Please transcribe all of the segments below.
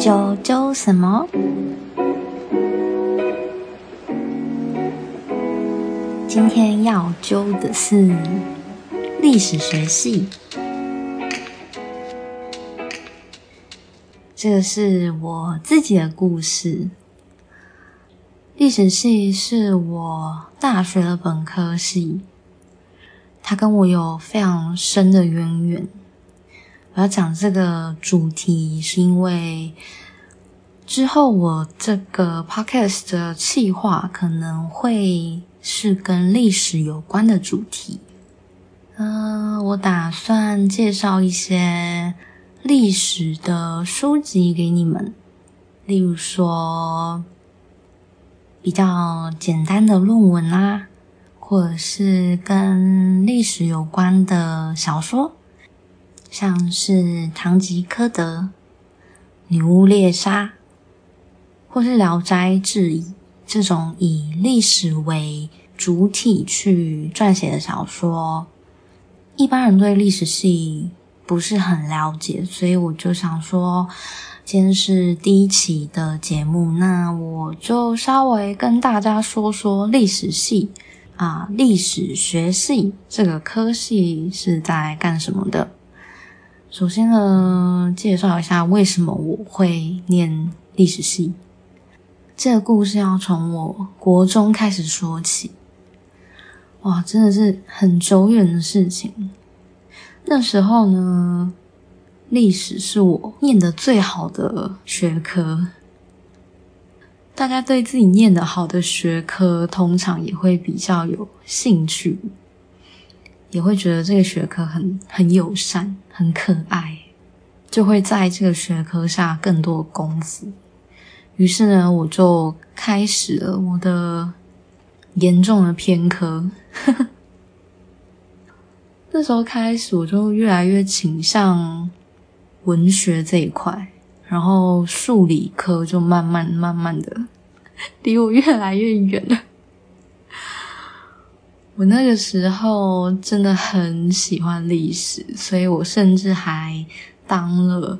揪揪什麼？今天要揪的是歷史學系，這個是我自己的故事。歷史系是我大學的本科系，它跟我有非常深的淵源。我要講這個主題，是因為之後我這個 podcast 的企劃可能會是跟歷史有關的主題。嗯、呃，我打算介紹一些歷史的書籍給你們，例如說比較簡單的論文啦、啊，或者是跟歷史有關的小說。像是《堂吉訶德》《女巫獵殺》，或是《聊齋志異》這種以歷史為主體去撰寫的小說，一般人對歷史系不是很了解，所以我就想說，今天是第一期的節目，那我就稍微跟大家說說歷史系啊，歷史學系這個科系是在幹什麼的。首先呢，介紹一下為什麼我會念歷史系。這個故事要從我國中開始說起。哇，真的是很久遠的事情。那時候呢，歷史是我念的最好的學科。大家對自己念的好的學科，通常也會比較有興趣，也會覺得這個學科很很友善。很可愛，就會在這個學科下更多功夫。於是呢，我就開始了我的嚴重的偏科。 那時候開始，我就越來越傾向文學這一塊，然後數理科就慢慢慢慢的離我越來越遠了。我那個時候真的很喜歡歷史，所以我甚至還當了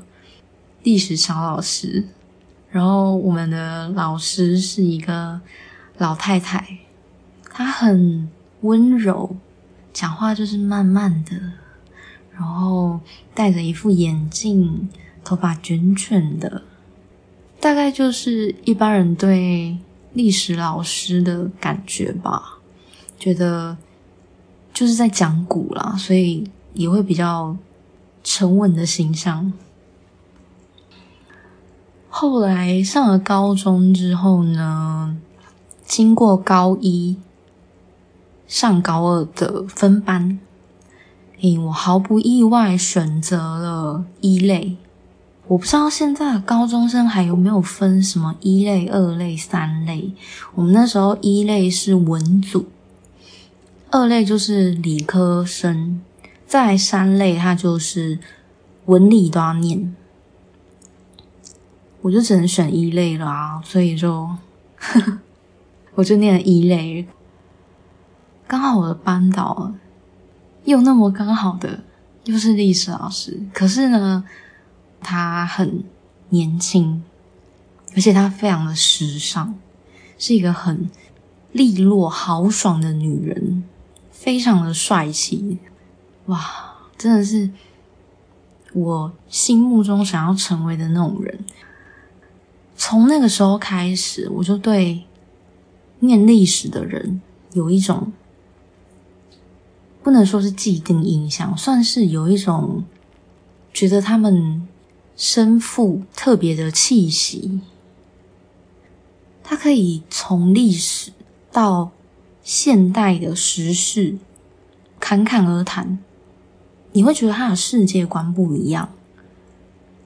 歷史小老師。然後我們的老師是一個老太太，她很溫柔，講話就是慢慢的，然後戴着一副眼鏡，頭髮捲捲的，大概就是一般人對歷史老師的感覺吧。覺得就是在講古了，所以也會比較沉穩的形象。後來上了高中之後呢，經過高一、上高二的分班，哎、欸，我毫不意外選擇了一類。我不知道現在的高中生還有沒有分什麼一類、二類、三類。我們那時候一類是文組。二類就是理科生，再來三類他就是文理都要念，我就只能選一類了啊，所以就呵呵，我就念了一類。剛好我的班導又那麼剛好的又是歷史老師，可是呢，她很年輕，而且她非常的時尚，是一個很利落豪爽的女人。非常的帥氣，哇！真的是我心目中想要成為的那種人。從那個時候開始，我就對念歷史的人有一種不能說是既定印象，算是有一種覺得他們身負特別的氣息。他可以從歷史到現代的時事侃侃而談，你會覺得他的世界觀不一樣，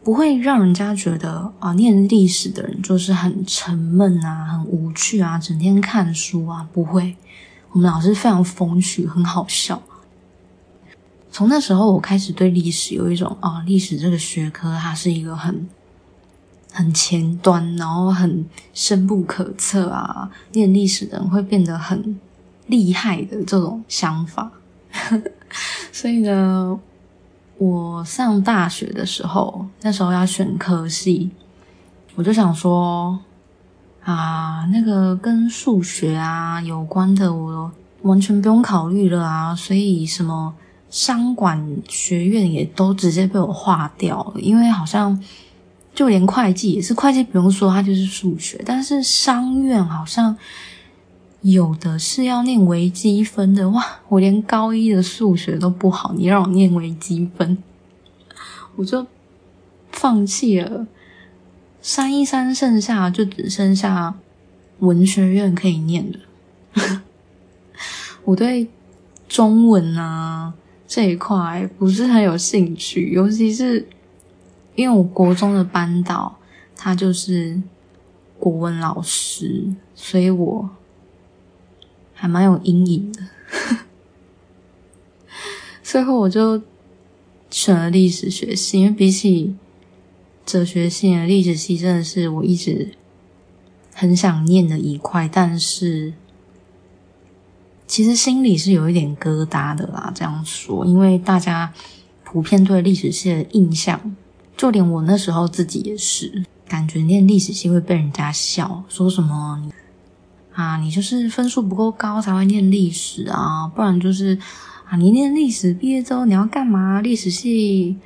不會讓人家覺得啊，念歷史的人就是很沉悶啊，很無趣啊，整天看書啊，不會。我們老師非常風趣，很好笑。從那時候，我開始對歷史有一種啊，歷史這個學科它是一個很很前端，然後很深不可測啊，念歷史的人會變得很。厲害的這種想法， 所以呢，我上大學的時候，那時候要選科系，我就想說，啊，那個跟數學啊有關的，我完全不用考慮了啊。所以什麼商管學院也都直接被我劃掉了，因為好像就連會計也是，會計不用說，它就是數學，但是商院好像。有的是要念微積分的哇，我連高一的數學都不好，你讓我念微積分，我就放棄了。三一三，剩下就只剩下文學院可以念的。 我對中文啊這一塊不是很有興趣，尤其是因為我國中的班導他就是國文老師，所以我。還蠻有陰影的，最後我就選了歷史學系，因為比起哲學系，歷史系真的是我一直很想念的一塊，但是其實心裡是有一點疙瘩的啦。這樣說，因為大家普遍對歷史系的印象，就連我那時候自己也是，感覺念歷史系會被人家笑，說什麼？啊，你就是分數不夠高才會念歷史啊，不然就是啊，你念歷史畢業之後你要幹嘛？歷史系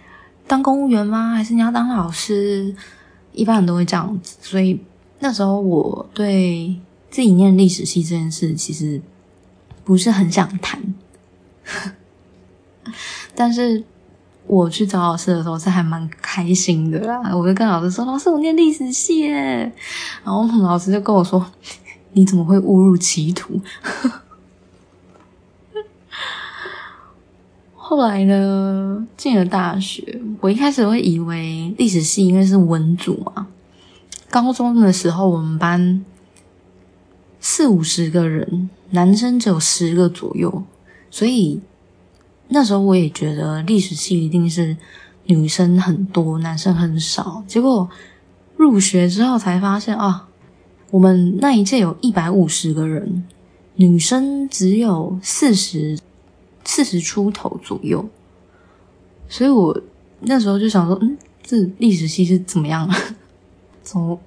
當公務員嗎？還是你要當老師？一般人都會這樣子，所以那時候我對自己念歷史系這件事其實不是很想談， 但是我去找老師的時候是還蠻開心的啦。我就跟老師說：“老師，我念歷史系耶。”然後老師就跟我說。你怎麼會誤入歧途？ 後來呢，進了大學，我一開始會以為歷史系因為是文組嘛。高中的時候，我們班四五十個人，男生只有十個左右，所以那時候我也覺得歷史系一定是女生很多，男生很少。結果入學之後才發現啊。我們那一屆有一百五十個人，女生只有四十，四十出頭左右，所以我那時候就想說，嗯，這歷史系是怎麼樣啊，怎麼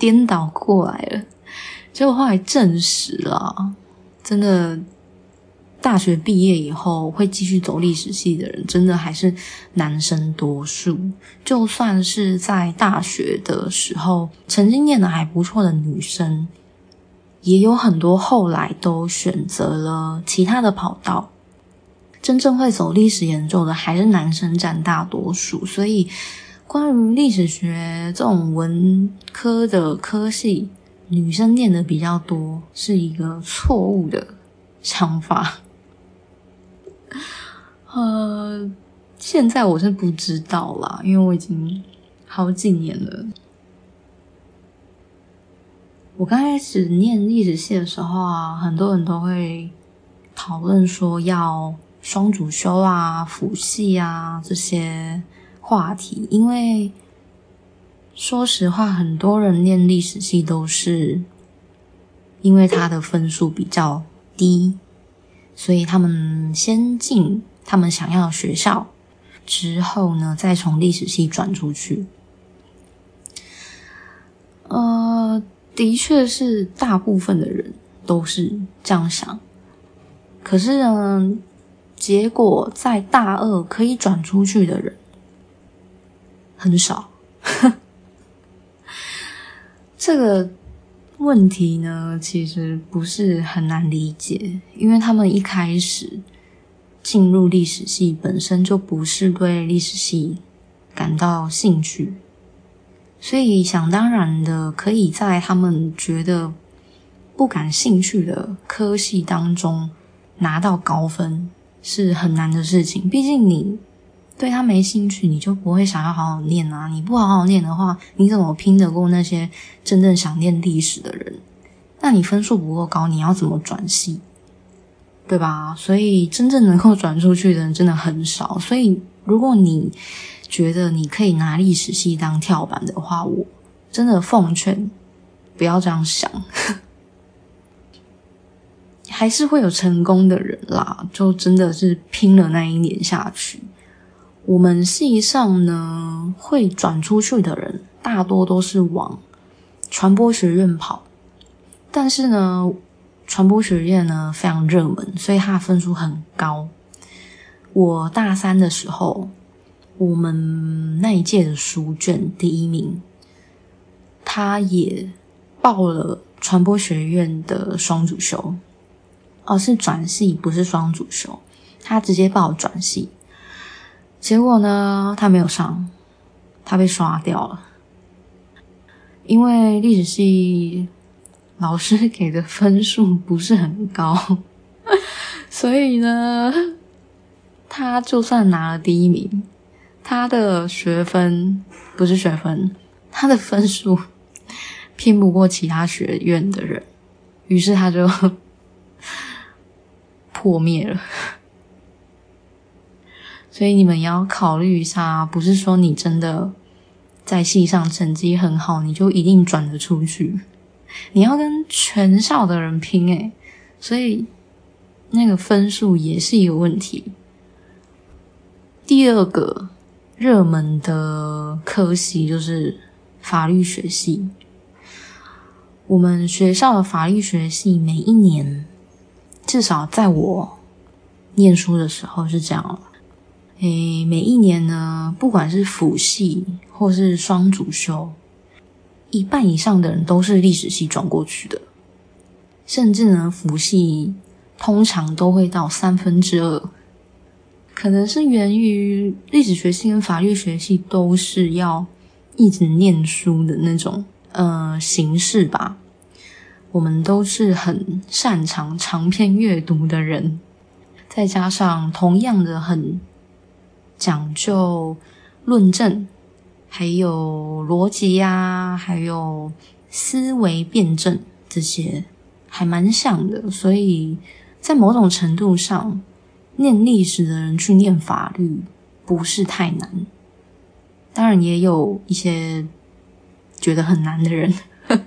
顛倒過來了？結果後來證實了啊，真的。大學畢業以後會繼續走歷史系的人，真的還是男生多數。就算是在大學的時候，曾經念的還不錯的女生，也有很多後來都選擇了其他的跑道。真正會走歷史研究的，還是男生占大多數。所以，關於歷史學，這種文科的科系，女生念的比較多，是一個錯誤的想法。呃，現在我是不知道啦，因為我已經好幾年了。我剛開始念歷史系的時候啊，很多人都會討論說要雙主修啊、輔系啊這些話題，因為說實話，很多人念歷史系都是因為他的分數比較低。所以他們先進他們想要的學校，之後呢，再從歷史系轉出去。呃，的確是大部分的人都是這樣想。可是呢，結果在大二可以轉出去的人很少。 這個。問題呢，其實不是很難理解，因為他們一開始進入歷史系本身就不是對歷史系感到興趣，所以想當然的可以在他們覺得不感興趣的科系當中拿到高分是很難的事情，嗯、畢竟你。對他沒興趣，你就不會想要好好念啊！你不好好念的話，你怎麼拼得過那些真正想念歷史的人？那你分數不夠高，你要怎麼轉系？對吧？所以真正能夠轉出去的人真的很少。所以如果你覺得你可以拿歷史系當跳板的話，我真的奉勸不要這樣想。 還是會有成功的人啦，就真的是拼了那一年下去。我們系上呢，會轉出去的人，大多都是往傳播學院跑。但是呢，傳播學院呢，非常熱門，所以它分數很高。我大三的時候，我們那一屆的書卷第一名，他也報了傳播學院的雙主修。哦，是轉系，不是雙主修，他直接報轉系。結果呢，他沒有上，他被刷掉了，因為歷史系老師給的分數不是很高，所以呢，他就算拿了第一名，他的學分不是學分，他的分數拼不過其他學院的人，於是他就破滅了。所以你們也要考慮一下，不是說你真的在系上成績很好，你就一定轉得出去。你要跟全校的人拼誒、欸，所以那個分數也是一個問題。第二個熱門的科系就是法律學系。我們學校的法律學系每一年，至少在我念書的時候是這樣。誒，每一年呢，不管是輔系或是雙主修，一半以上的人都是歷史系轉過去的，甚至呢，輔系通常都會到三分之二。可能是源於歷史學系跟法律學系都是要一直念書的那種，呃，形式吧。我們都是很擅長長篇閱讀的人，再加上同樣的很。講究論證，還有邏輯呀、啊，還有思維辯證這些，還蠻像的。所以在某種程度上，念歷史的人去念法律不是太難。當然也有一些覺得很難的人。啊，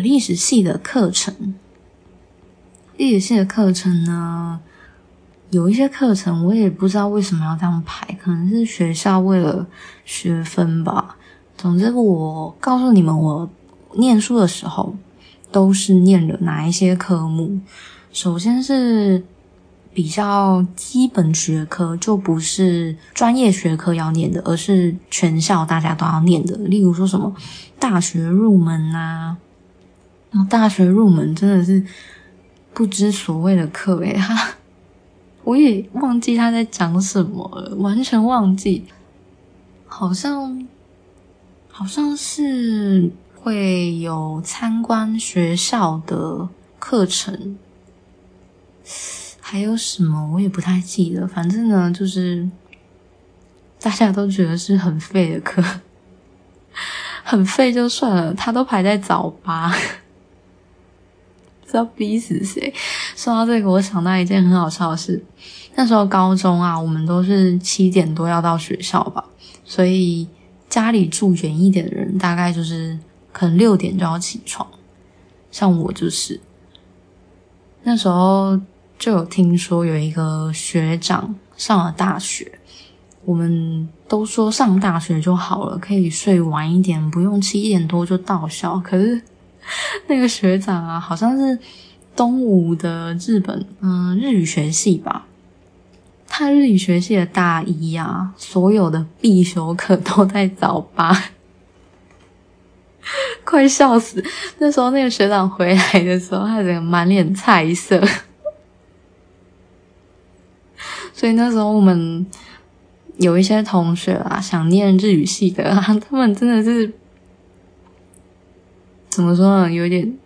歷史系的課程，歷史系的課程呢？有一些課程我也不知道為什麼要這樣排，可能是學校為了學分吧。總之，我告訴你們，我念書的時候都是念了哪一些科目。首先是比較基本學科，就不是專業學科要念的，而是全校大家都要念的。例如說什麼大學入門啊，那大學入門真的是不知所謂的課，哎哈。我也忘記他在講什麼了，完全忘記。好像好像是會有參觀學校的課程，還有什麼我也不太記得。反正呢，就是大家都覺得是很廢的課，很廢就算了，他都排在早八，知道逼死誰？說到這個，我想到一件很好笑的事。那時候高中啊，我們都是七點多要到學校吧，所以家裡住遠一點的人，大概就是可能六點就要起床。像我就是，那時候就有聽說有一個學長上了大學，我們都說上大學就好了，可以睡晚一點，不用七點多就到校。可是那個學長啊，好像是。東吳的日本，嗯，日語學系吧。他日語學系的大一啊，所有的必修課都在早八， 快笑死！那時候那個學長回來的時候，他整個滿臉菜色。 所以那時候我們有一些同學啊，想念日語系的，啊，他們真的是怎麼說呢？有點。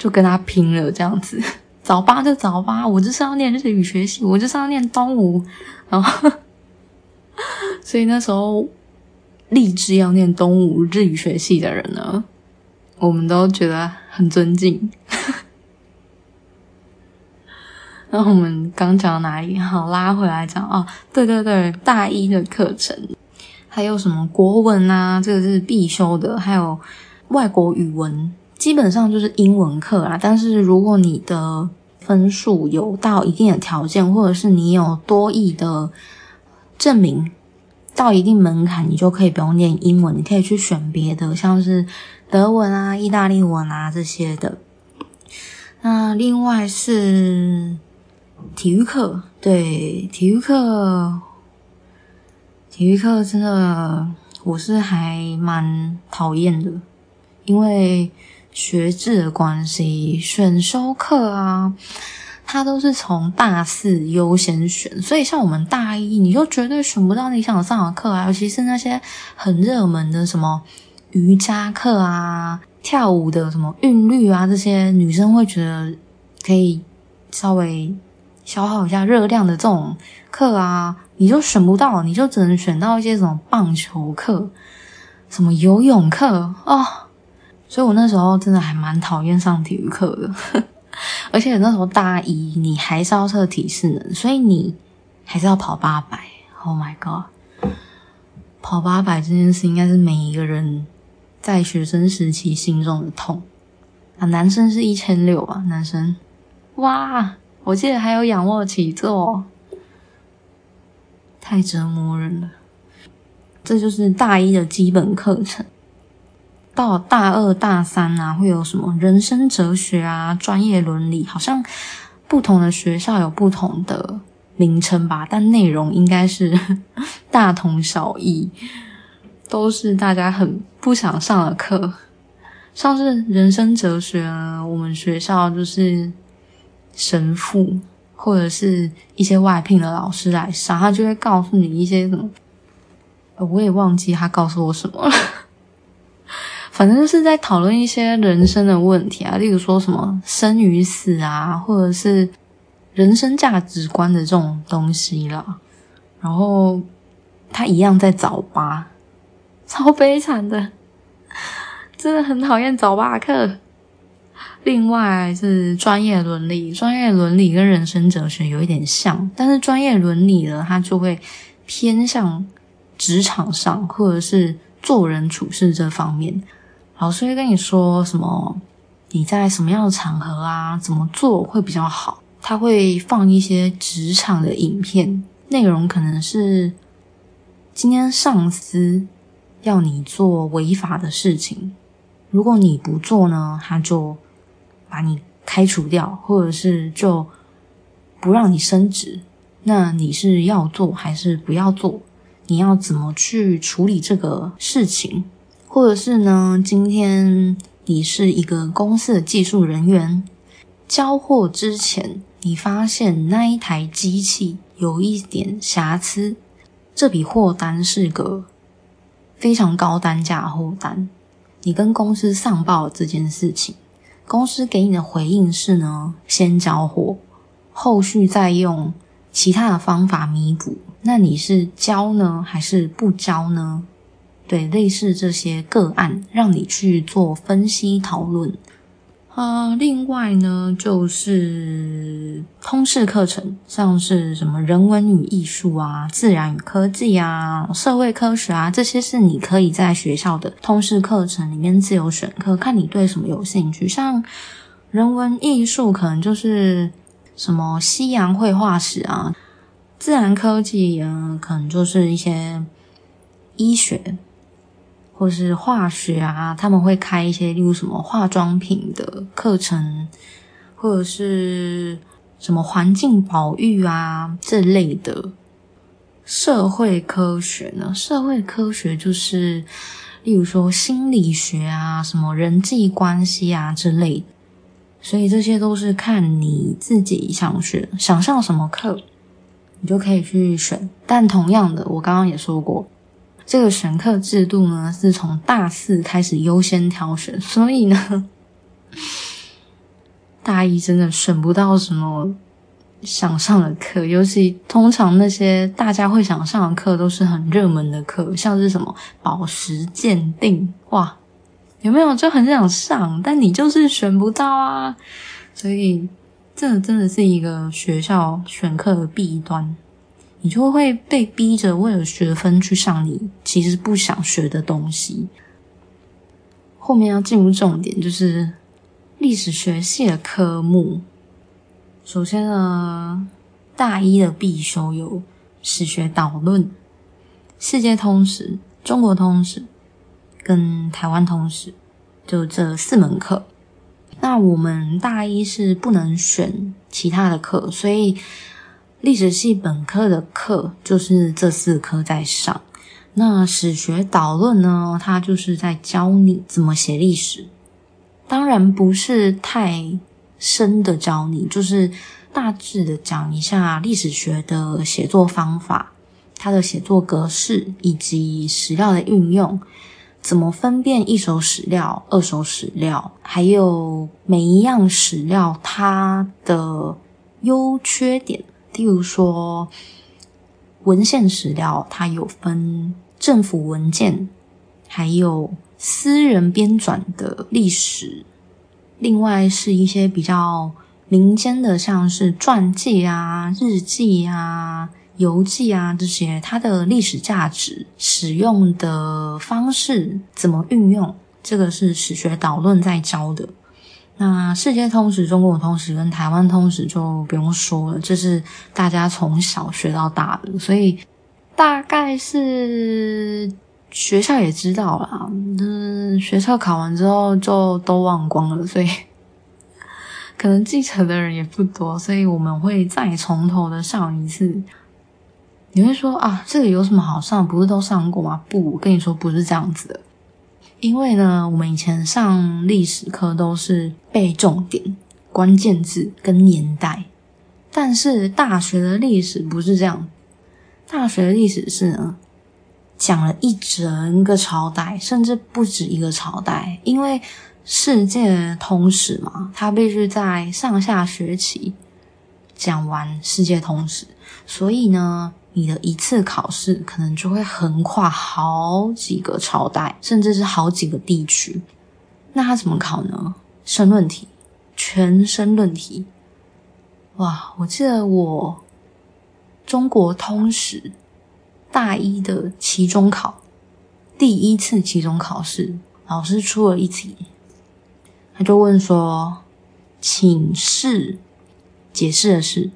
就跟他拼了，這樣子，早八就早八，我就是要念日語學系，我就是要念東吳，然後，所以那時候立志要念東吳日語學系的人呢，我們都覺得很尊敬。那我們剛講到哪裡？好，拉回來講啊、哦，對對對，大一的課程還有什麼國文啊，這個是必修的，還有外國語文。基本上就是英文課啦，但是如果你的分數有到一定的條件，或者是你有多益的證明到一定門檻，你就可以不用念英文，你可以去選別的，像是德文啊、意大利文啊這些的。那另外是體育課，對，體育課，體育課真的我是還蠻討厭的，因為。學制的關係，選修課啊，它都是從大四優先選，所以像我們大一，你就絕對選不到你想上的課啊，尤其是那些很熱門的什麼瑜伽課啊、跳舞的什麼韻律啊這些，女生會覺得可以稍微消耗一下熱量的這種課啊，你就選不到，你就只能選到一些什麼棒球課、什麼游泳課啊。哦所以，我那時候真的還蠻討厭上體育課的， 而且那時候大一你還是要測體適能，所以你還是要跑八百。Oh my god，跑八百這件事應該是每一個人在學生時期心中的痛啊！男生是一千六吧，男生，哇！我記得還有仰臥起坐哦，太折磨人了。這就是大一的基本課程。到大二、大三啊，會有什麼人生哲學啊、專業倫理？好像不同的學校有不同的名稱吧，但內容應該是大同小異，都是大家很不想上的課。像是人生哲學啊，我們學校就是神父或者是一些外聘的老師來上，他就會告訴你一些什麼，我也忘記他告訴我什麼了。反正就是在討論一些人生的問題啊，例如說什麼生與死啊，或者是人生價值觀的這種東西了。然後他一樣在早八，超悲慘的，真的很討厭早八課。另外是專業倫理，專業倫理跟人生哲學有一點像，但是專業倫理呢，它就會偏向職場上或者是做人處事這方面。老師會跟你說什麼？你在什麼樣的場合啊？怎麼做會比較好。他會放一些職場的影片，內容可能是今天上司要你做違法的事情，如果你不做呢，他就把你開除掉，或者是就不讓你升職。那你是要做還是不要做？你要怎麼去處理這個事情？或者是呢，今天你是一個公司的技術人員，交貨之前你發現那一台機器有一點瑕疵，這筆貨單是個非常高單價的貨單。你跟公司上報這件事情，公司給你的回應是呢，先交貨，後續再用其他的方法彌補。那你是交呢，還是不交呢？對，類似這些個案，讓你去做分析討論。呃，另外呢，就是通識課程，像是什麼人文與藝術啊、自然與科技啊、社會科學啊，這些是你可以在學校的通識課程裡面自由選課，看你對什麼有興趣。像人文藝術，可能就是什麼西洋繪畫史啊；自然科技，嗯，可能就是一些醫學。或者是化學啊，他們會開一些，例如什麼化妝品的課程，或者是什麼環境保育啊這類的。社會科學呢？社會科學就是，例如說心理學啊，什麼人際關係啊之類的。所以這些都是看你自己想學，想上什麼課，你就可以去選。但同樣的，我剛剛也說過。這個選課制度呢，是從大四開始優先挑選，所以呢，大一真的選不到什麼想上的課。尤其通常那些大家會想上的課，都是很熱門的課，像是什麼寶石鑑定，哇，有沒有就很想上，但你就是選不到啊。所以，這真的是一個學校選課的弊端。你就會被逼着為了學分去上你其實不想學的東西。後面要進入重點，就是歷史學系的科目。首先呢，大一的必修有史學導論、世界通史、中國通史跟台灣通史，就這四門課。那我們大一是不能選其他的課，所以。歷史系本科的課就是這四科在上。那史學導論呢？它就是在教你怎麼寫歷史，當然不是太深的教你，就是大致的講一下歷史學的寫作方法、它的寫作格式以及史料的運用，怎麼分辨一手史料、二手史料，還有每一樣史料它的優缺點。例如說，文獻史料它有分政府文件，還有私人編纂的歷史，另外是一些比較民間的，像是傳記啊、日記啊、遊記啊這些，它的歷史價值、使用的方式、怎麼運用，這個是史學導論在教的。那世界通史、中國通史跟臺灣通史就不用說了，這、就是大家從小學到大的，所以大概是學校也知道啦，嗯，學校考完之後就都忘光了，所以可能繼承的人也不多，所以我們會再從頭的上一次。你會說啊，這裡有什麼好上？不是都上過嗎？不，我跟你說，不是這樣子的。因為呢，我們以前上歷史課都是背重點、關鍵字跟年代，但是大學的歷史不是這樣。大學的歷史是呢，講了一整個朝代，甚至不止一個朝代，因為世界通史嘛，它必須在上下學期講完世界通史，所以呢。你的一次考試可能就會橫跨好幾個朝代，甚至是好幾個地區。那他怎麼考呢？申論題，全申論題。哇，我記得我中國通史大一的期中考，第一次期中考試，老師出了一題，他就問說：“請試解釋的是。”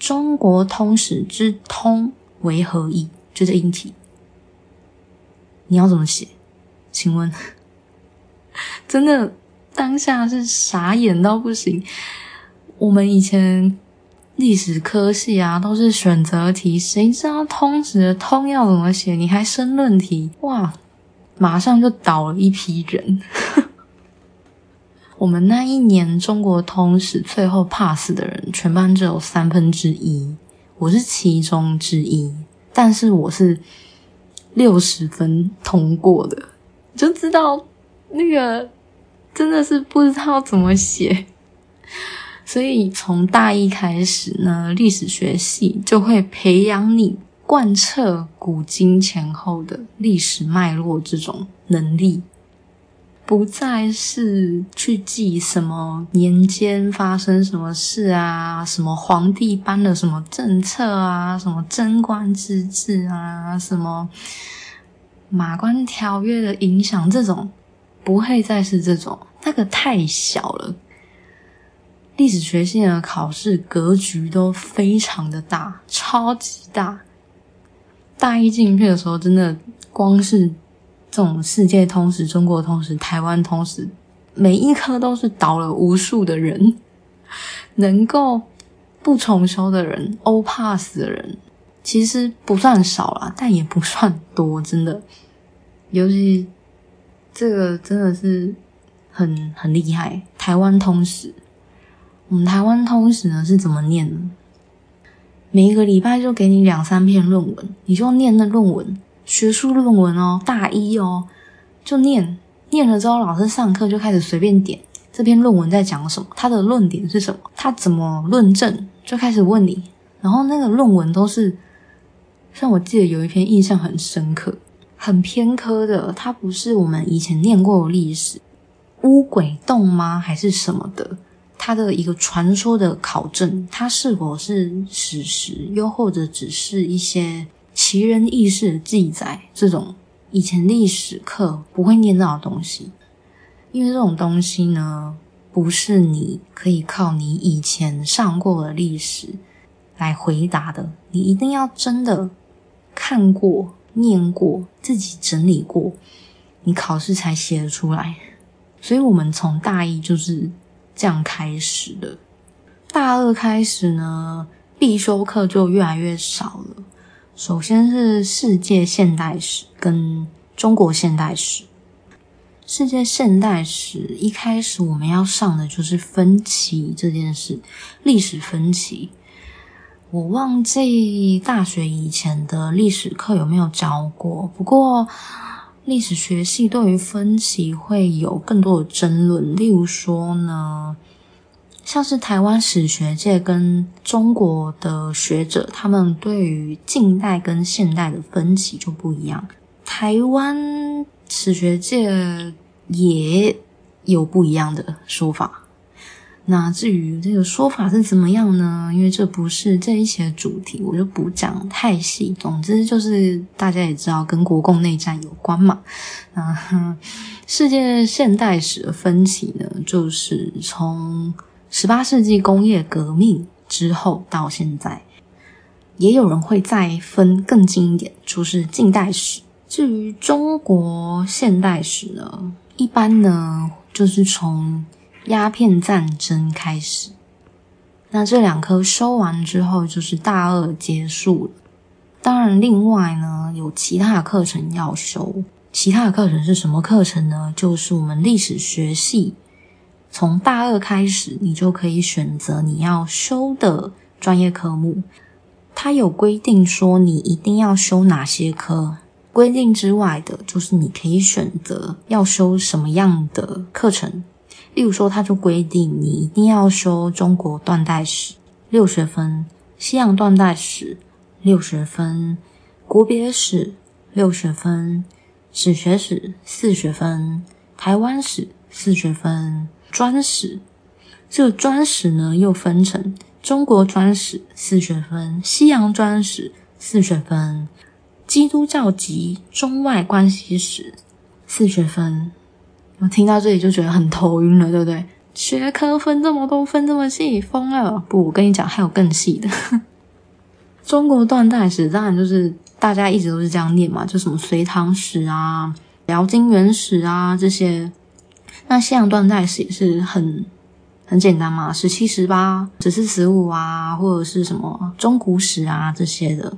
中國通史之“通”為何意？就這一題，你要怎麼寫？請問， 真的當下是傻眼到不行。我們以前歷史科系啊都是選擇題，誰知道通史的“通”要怎麼寫？你還申論題？哇，馬上就倒了一批人。 我們那一年中國通史最後 pass 的人，全班只有三分之一，我是其中之一，但是我是六十分通過的，就知道那個真的是不知道怎麼寫，所以從大一開始呢，歷史學系就會培養你貫徹古今前後的歷史脈絡這種能力。不再是去記什麼年間發生什麼事啊，什麼皇帝頒的什麼政策啊，什麼貞觀之治啊，什麼馬關條約的影響，這種不會再是這種，那個太小了。歷史學系的考試格局都非常的大，超級大。大一進去的時候，真的光是。這種世界通史、中國通史、台灣通史，每一科都是倒了無數的人，能夠不重修的人、歐 pass 的人，其實不算少啦，但也不算多，真的。尤其這個真的是很很厲害。台灣通史，我們台灣通史呢是怎麼念呢？每一個禮拜就給你兩三篇論文，你就念那論文。學術論文哦，大一哦，就念念了之後，老師上課就開始隨便點這篇論文在講什麼，他的論點是什麼，他怎麼論證，就開始問你。然後那個論文都是，像我記得有一篇印象很深刻，很偏科的，它不是我們以前念過的歷史烏鬼洞嗎？還是什麼的？它的一個傳說的考證，它是否是史實，又或者只是一些？奇人異事的記載，這種以前歷史課不會念到的東西，因為這種東西呢，不是你可以靠你以前上過的歷史來回答的，你一定要真的看過、念過、自己整理過，你考試才寫得出來。所以我們從大一就是這樣開始的，大二開始呢，必修課就越來越少了。首先是世界現代史跟中國現代史。世界現代史一開始我們要上的就是分期這件事，歷史分期。我忘記大學以前的歷史課有沒有教過，不過歷史學系對於分期會有更多的爭論。例如說呢？像是台灣史學界跟中國的學者，他們對於近代跟現代的分歧就不一樣。台灣史學界也有不一樣的說法。那至於這個說法是怎麼樣呢？因為這不是這一期的主題，我就不講太細。總之就是大家也知道跟國共內戰有關嘛。那、啊、世界現代史的分歧呢，就是從。十八世紀工業革命，之後到現在，也有人會再分更近一點，就是近代史。至於中國現代史呢，一般呢就是從鴉片戰爭開始。那這兩科修完之後，就是大二結束了。當然，另外呢有其他的課程要修，其他的課程是什麼課程呢？就是我們歷史學系。從大二開始，你就可以選擇你要修的專業科目。它有規定說你一定要修哪些科，規定之外的就是你可以選擇要修什麼樣的課程。例如說，它就規定你一定要修中國斷代史六學分，西洋斷代史六學分，國別史六學分，史學史四學分，台灣史四學分。專史，這個專史呢又分成中國專史四學分，西洋專史四學分，基督教及中外關係史四學分。我聽到這裡就覺得很頭暈了，對不對？學科分這麼多，分這麼細，瘋了！不，我跟你講，還有更細的。 中國斷代史當然就是大家一直都是這樣念嘛，就什麼隋唐史啊、遼金元史啊這些。那西洋斷代史也是很很簡單嘛，十七十八、十四十五啊，或者是什麼中古史啊這些的。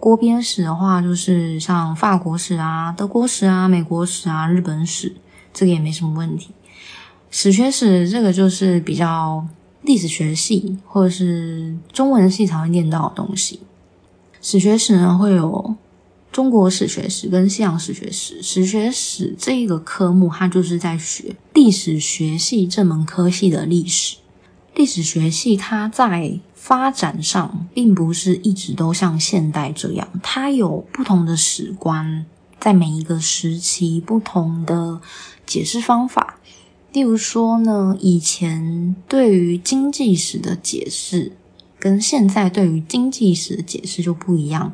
國別史的話，就是像法國史啊、德國史啊、美國史啊、日本史，這個也沒什麼問題。史學史這個就是比較歷史學系或者是中文系才會念到的東西。史學史呢，會有。中國史學史跟西洋史學史，史學史這個科目，它就是在學歷史學系這門科系的歷史。歷史學系它在發展上，並不是一直都像現代這樣，它有不同的史觀，在每一個時期不同的解釋方法。例如說呢，以前對於經濟史的解釋，跟現在對於經濟史的解釋就不一樣。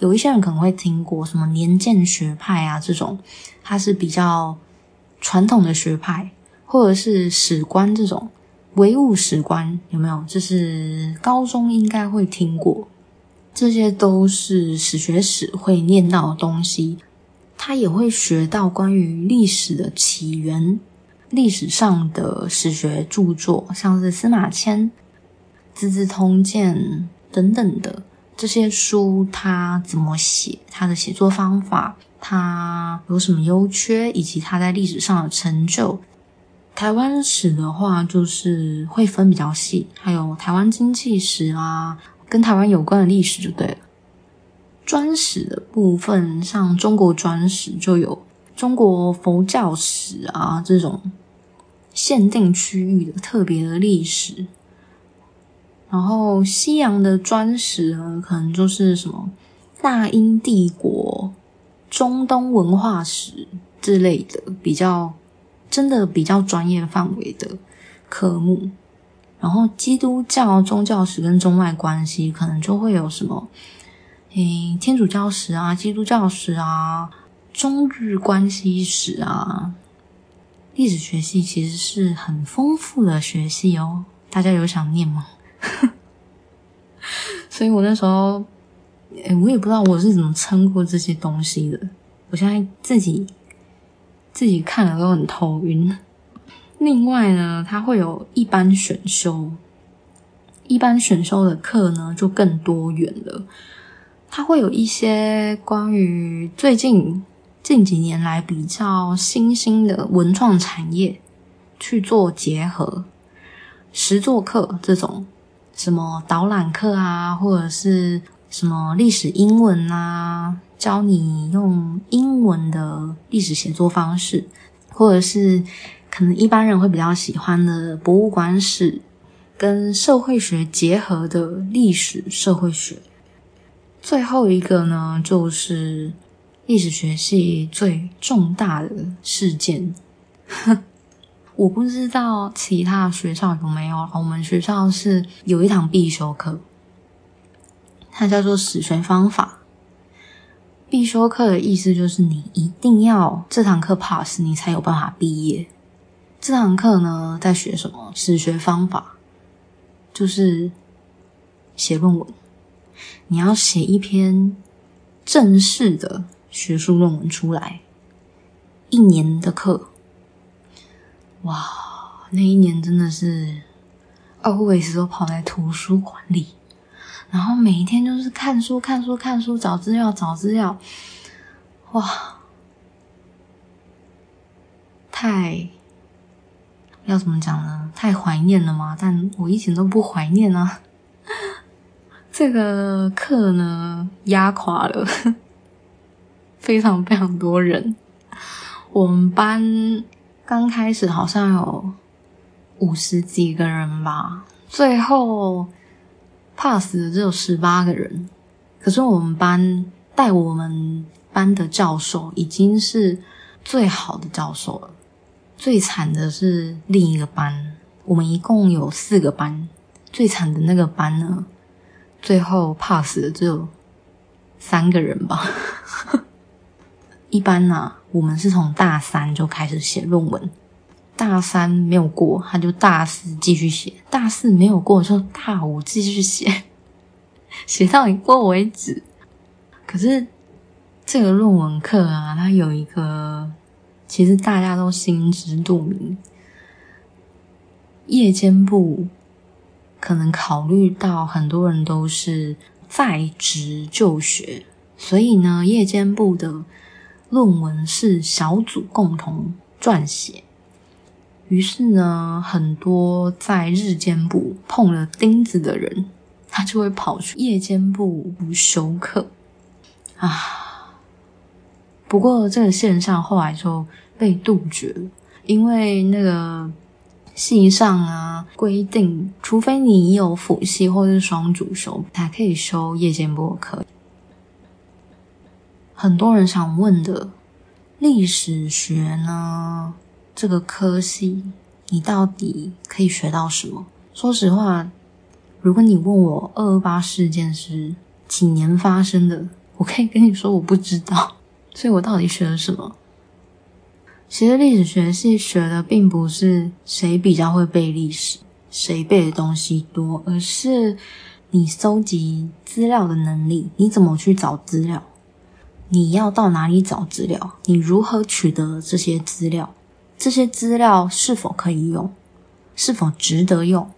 有一些人可能會聽過什麼年鑑學派啊這種，它是比較傳統的學派，或者是史觀這種唯物史觀有沒有？這、就是高中應該會聽過，這些都是史學史會唸到的東西。他也會學到關於歷史的起源，歷史上的史學著作，像是司馬遷、資治通鑑等等的。這些書它怎麼寫？它的寫作方法，它有什麼優缺，以及它在歷史上的成就。台灣史的話，就是會分比較細，還有台灣經濟史啊，跟台灣有關的歷史就對了。專史的部分，像中國專史就有中國佛教史啊，這種限定區域的特別的歷史。然後西洋的專史呢，可能就是什麼大英帝國、中東文化史之類的，比較真的比較專業範圍的科目。然後基督教宗教史跟中外關係，可能就會有什麼誒、哎、天主教史啊、基督教史啊、中日關係史啊。歷史學系其實是很豐富的學系哦，大家有想念嗎？ 所以，我那時候，哎、欸，我也不知道我是怎麼稱呼這些東西的。我現在自己自己看了都很頭暈。另外呢，它會有一般選修，一般選修的課呢就更多元了。它會有一些關於最近近幾年來比較新興的文創產業去做結合，實作課這種。什麼導覽課啊，或者是什麼歷史英文啊，教你用英文的歷史寫作方式，或者是可能一般人會比較喜歡的博物館史跟社會學結合的歷史社會學。最後一個呢，就是歷史學系最重大的事件，呵呵我不知道其他學校有沒有，我們學校是有一堂必修課，它叫做史學方法。必修課的意思就是你一定要這堂課 pass，你才有辦法畢業。這堂課呢，在學什麼？史學方法，就是寫論文。你要寫一篇正式的學術論文出來，一年的課。哇，那一年真的是 always 都跑在圖書館裡，然後每一天就是看書、看書、看書，找資料、找資料。哇，太要怎麼講呢？太懷念了嘛？但我一點都不懷念呢、啊。這個課呢，壓垮了，非常非常多人，我們班。剛開始好像有五十幾個人吧，最後 pass 的只有十八個人。可是我們班帶我們班的教授已經是最好的教授了。最慘的是另一個班，我們一共有四個班，最慘的那個班呢，最後 pass 的只有三個人吧。 一般呢、啊？我們是從大三就開始寫論文，大三沒有過，他就大四繼續寫，大四沒有過就大五繼續寫，寫到你過為止。可是這個論文課啊，它有一個，其實大家都心知肚明，夜間部可能考慮到很多人都是在職就學，所以呢，夜間部的。論文是小組共同撰寫，於是呢，很多在日間部碰了釘子的人，他就會跑去夜間部補修課啊。不過這個現象後來就被杜絕了，因為那個系上啊規定，除非你有輔系或是雙主修，才可以修夜間部的課。很多人想問的，歷史學呢，這個科系，你到底可以學到什麼？說實話，如果你問我二二八事件是幾年發生的，我可以跟你說我不知道。所以我到底學了什麼？其實歷史學系學的並不是誰比較會背歷史，誰背的東西多，而是你搜集資料的能力，你怎麼去找資料？你要到哪裡找資料？你如何取得這些資料？這些資料是否可以用？是否值得用？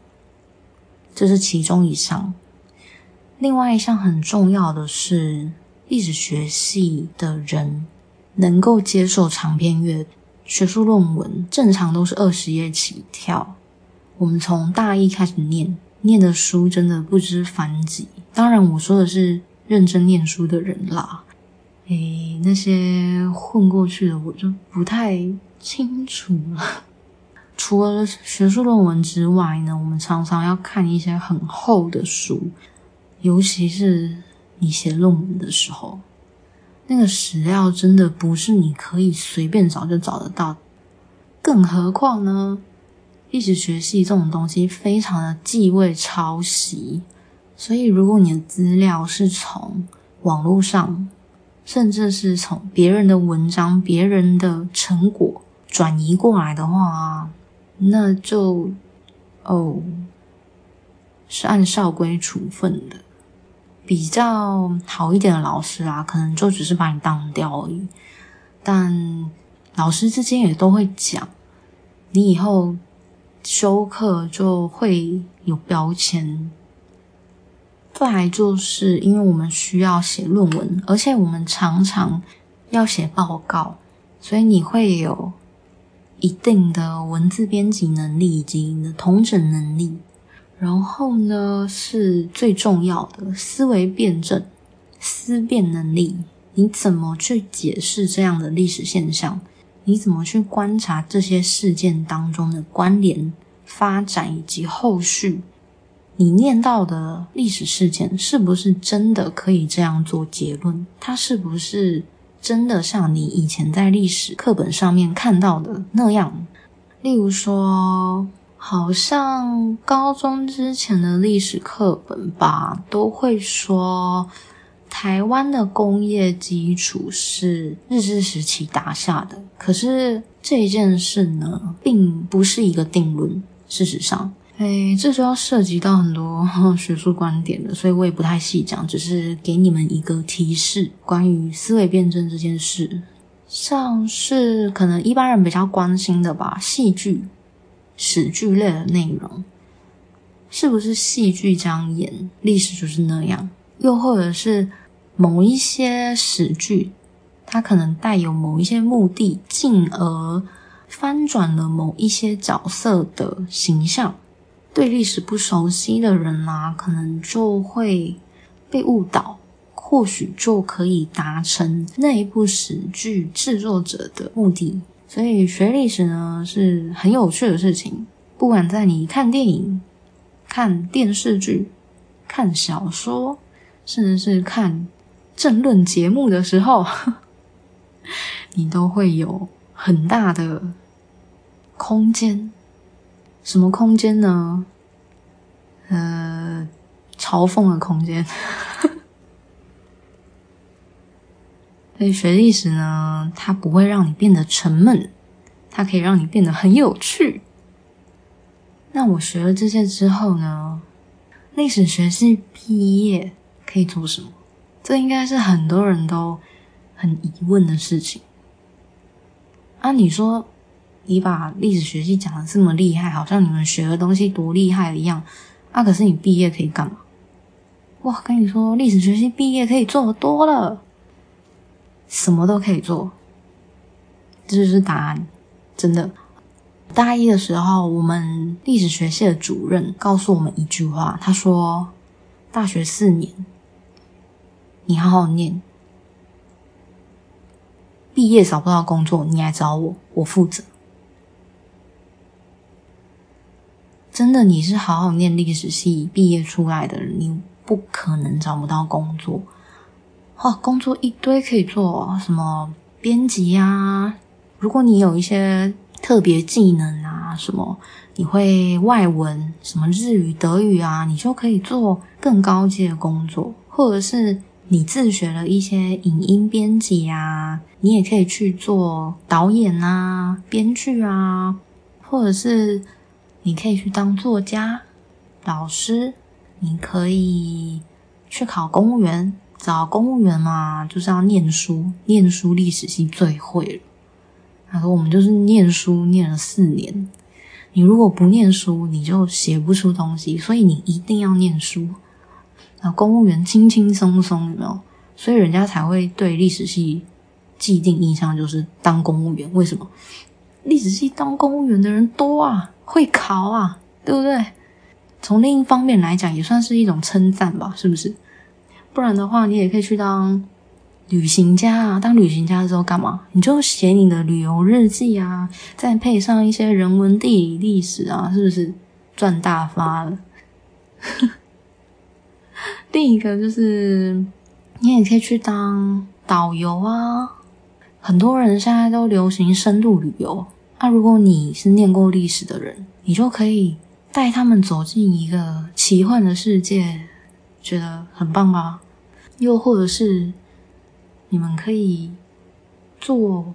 這是其中一項。另外一項很重要的是，歷史學系的人能夠接受長篇閱讀，學術論文，正常都是二十頁起跳。我們從大一開始念，念的書真的不知凡幾。當然，我說的是認真念書的人啦。誒、欸，那些混過去的我就不太清楚了。除了學術論文之外呢，我們常常要看一些很厚的書，尤其是你寫論文的時候，那個史料真的不是你可以隨便找就找得到的。更何況呢，歷史學系這種東西非常的忌諱抄襲，所以如果你的資料是從網絡上，甚至是從別人的文章、別人的成果轉移過來的話，那就哦，是按校規處分的。比較好一點的老師啊，可能就只是把你當掉而已。但老師之間也都會講，你以後修課就會有標籤。再來就是因為我們需要寫論文，而且我們常常要寫報告，所以你會有一定的文字編輯能力以及你的統整能力。然後呢，是最重要的思維辯證思辨能力。你怎麼去解釋這樣的歷史現象？你怎麼去觀察這些事件當中的關聯、發展以及後續？你念到的歷史事件是不是真的可以這樣做結論？它是不是真的像你以前在歷史課本上面看到的那樣？例如說，好像高中之前的歷史課本吧，都會說台灣的工業基礎是日治時期打下的。可是這件事呢，並不是一個定論，事實上。哎，這就要涉及到很多學術觀點了，所以我也不太細講，只是給你們一個提示：關於思維辯證這件事，像是可能一般人比較關心的吧，戲劇、史劇類的內容，是不是戲劇這樣演，歷史就是那樣？又或者是某一些史劇，它可能帶有某一些目的，進而翻轉了某一些角色的形象。對歷史不熟悉的人啊，可能就會被誤導，或許就可以達成那一部史劇制作者的目的。所以學歷史呢，是很有趣的事情。不管在你看電影、看電視劇、看小說，甚至是看政論節目的時候， 你都會有很大的空間。什麼空間呢？呃，嘲諷的空間。 所以學歷史呢，它不會讓你變得沉悶，它可以讓你變得很有趣。那我學了這些之後呢，歷史學系畢業可以做什麼？這應該是很多人都很疑問的事情。按、啊、理說。你把歷史學系講得這麼厲害，好像你們學的東西多厲害一樣。那、啊、可是你畢業可以幹嘛？哇，跟你說，歷史學系畢業可以做得多了，什麼都可以做。這就是答案，真的。大一的時候，我們歷史學系的主任告訴我們一句話，他說：“大學四年，你好好念，畢業找不到工作，你來找我，我負責。”真的，你是好好念歷史系畢業出來的人，你不可能找不到工作。哇，工作一堆可以做，什麼編輯啊？如果你有一些特別技能啊，什麼你會外文，什麼日語、德語啊，你就可以做更高級的工作。或者是你自學了一些影音編輯啊，你也可以去做導演啊、編劇啊，或者是。你可以去當作家、老師，你可以去考公務員。找公務員嘛，就是要念書，念書歷史系最會了。他說：“我們就是念書念了四年，你如果不念書，你就寫不出東西，所以你一定要念書。那公務員輕輕鬆鬆，有沒有？所以人家才會對歷史系既定印象就是當公務員。為什麼歷史系當公務員的人多啊？”會考啊，對不對？從另一方面來講，也算是一種稱讚吧，是不是？不然的話，你也可以去當旅行家啊。當旅行家的時候幹嘛？你就寫你的旅遊日記啊，再配上一些人文、地理、歷史啊，是不是賺大發了？另 一個就是，你也可以去當導遊啊。很多人現在都流行深度旅遊。那、啊、如果你是念過歷史的人，你就可以帶他們走進一個奇幻的世界，覺得很棒吧、啊？又或者是你們可以做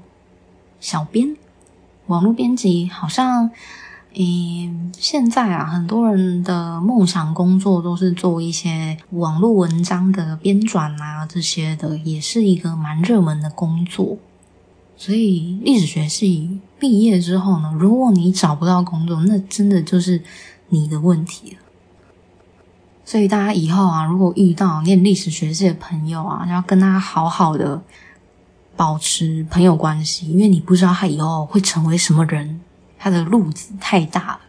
小編、網絡編輯，好像嗯，現在啊，很多人的夢想工作都是做一些網絡文章的編撰啊，這些的也是一個蠻熱門的工作，所以歷史學系。畢業之後呢，如果你找不到工作，那真的就是你的問題了。所以大家以後啊，如果遇到念歷史學系的朋友啊，要跟他好好的保持朋友關係，因為你不知道他以後會成為什麼人，他的路子太大了。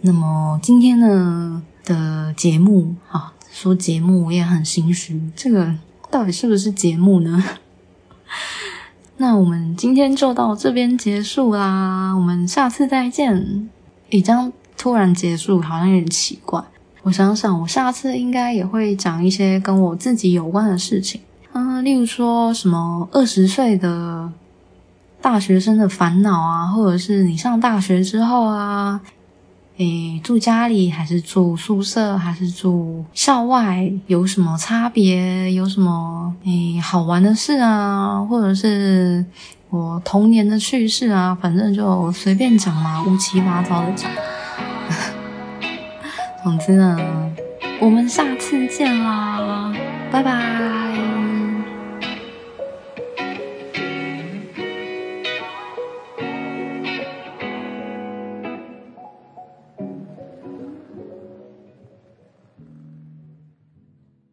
那麼今天呢的節目啊，說節目我也很心虛，這個到底是不是節目呢？那我們今天就到這邊結束啦，我們下次再見。這樣突然結束，好像有點奇怪。我想想，我下次應該也會講一些跟我自己有關的事情，啊、嗯，例如說什麼二十歲的大學生的煩惱啊，或者是你上大學之後啊。哎，住家裡還是住宿舍，還是住校外，有什麼差別？有什麼哎好玩的事啊？或者是我童年的趣事啊？反正就隨便講嘛，烏七八糟的講。 總之呢，我們下次見啦，拜拜。